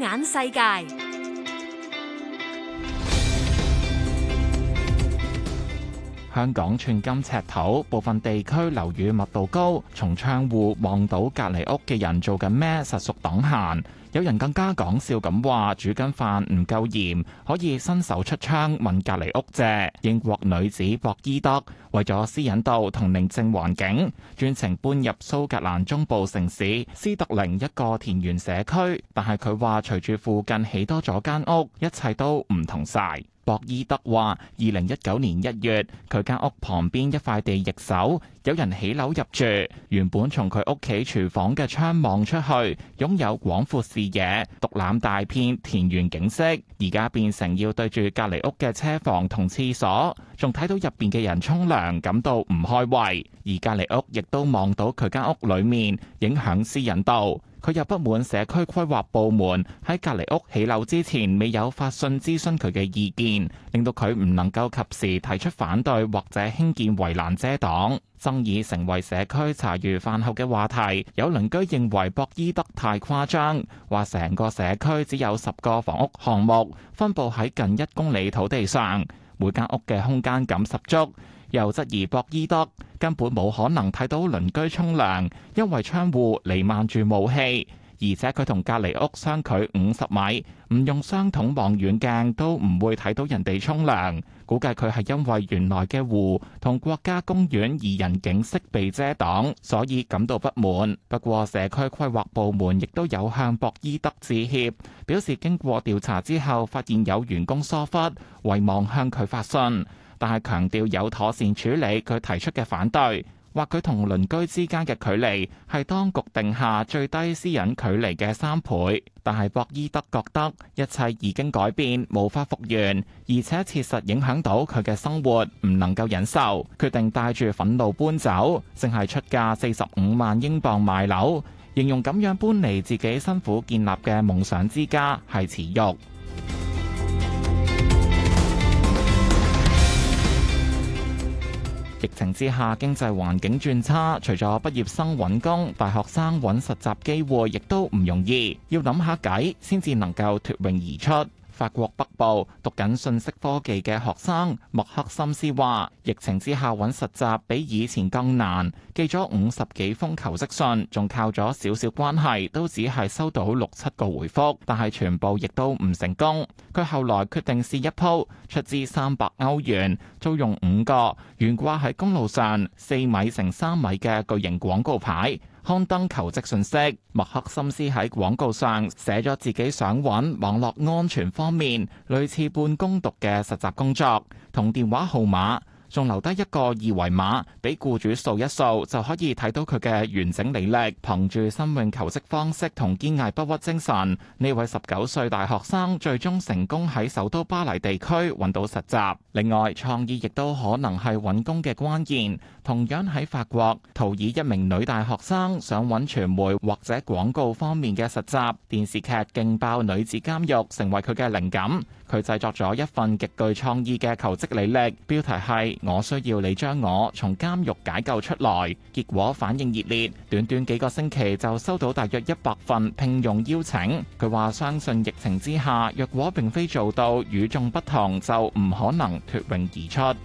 眼世界。香港寸金尺土，部分地區樓宇密度高，從窗戶望到隔離屋嘅人做緊咩，實屬等閒。有人更加講笑咁話：煮緊飯唔夠鹽，可以伸手出窗問隔離屋借。英國女子博伊德為咗私隱度同寧靜環境，專程搬入蘇格蘭中部城市斯特靈一個田園社區，但係佢話隨住附近起多咗間屋，一切都唔同晒。莫伊德話，二零一九年一月，佢間屋旁邊一塊地易手，有人起樓入住。原本從佢屋企廚房嘅窗望出去，擁有廣闊視野，獨攬大片田園景色。而家變成要對住隔離屋嘅車房同廁所，仲睇到入邊嘅人沖涼，感到唔開胃，而隔離屋亦都望到佢間屋裡面，影響私隱度。佢又不滿社區規劃部門喺隔離屋起樓之前未有發信諮詢佢嘅意見，令到佢唔能夠及時提出反對或者興建圍欄遮擋，爭議成為社區茶餘飯後嘅話題。有鄰居認為博伊德太誇張，話成個社區只有十個房屋項目，分布喺近一公里土地上，每間屋嘅空間感十足。又質疑博伊德根本冇可能睇到鄰居沖涼，因為窗戶瀰漫住霧氣，而且佢同隔離屋相距五十米，唔用雙筒望遠鏡都唔會睇到人哋沖涼。估計佢係因為原來嘅湖同國家公園怡人景色被遮擋，所以感到不滿。不過社區規劃部門亦都有向博伊德致歉，表示經過調查之後，發現有員工疏忽，遺忘向佢發信。但係強調有妥善處理，佢提出嘅反對，話佢同鄰居之間嘅距離係當局定下最低私隱距離嘅三倍。但係博伊德覺得一切已經改變，無法復原，而且切實影響到佢嘅生活，唔能夠忍受，決定帶住憤怒搬走，淨係出價四十五萬英鎊賣樓，形容咁樣搬離自己辛苦建立嘅夢想之家係恥辱。疫情之下，經濟環境轉差，除咗畢業生揾工，大學生揾實習機會亦都唔容易，要諗下計先至能夠脫穎而出。法國北部讀緊信息科技嘅學生麥克森斯話：疫情之下揾實習比以前更難，寄咗五十幾封求職信，仲靠咗少少關係，都只係收到六七個回覆但係全部亦都唔成功。佢後來決定試一鋪，出至三百歐元租用五個懸掛喺公路上四米乘三米嘅巨型廣告牌。刊登求職信息，默克森斯喺廣告上寫咗自己想揾網絡安全方面類似半工讀嘅實習工作，同電話號碼。仲留低一個二維碼俾雇主掃一掃就可以睇到佢嘅完整履歷。憑住新穎求職方式同堅毅不屈精神，呢位十九歲大學生最終成功喺首都巴黎地區揾到實習。另外，創意亦都可能係揾工嘅關鍵。同樣喺法國，圖爾一名女大學生想揾傳媒或者廣告方面嘅實習，電視劇《勁爆女子監獄》成為佢嘅靈感。佢製作咗一份極具創意嘅求職履歷，標題係，我需要你將我從監獄解救出來，結果反應熱烈，短短幾個星期就收到大約一百份聘用邀請，佢話相信疫情之下，若果並非做到與眾不同，就唔可能脫穎而出。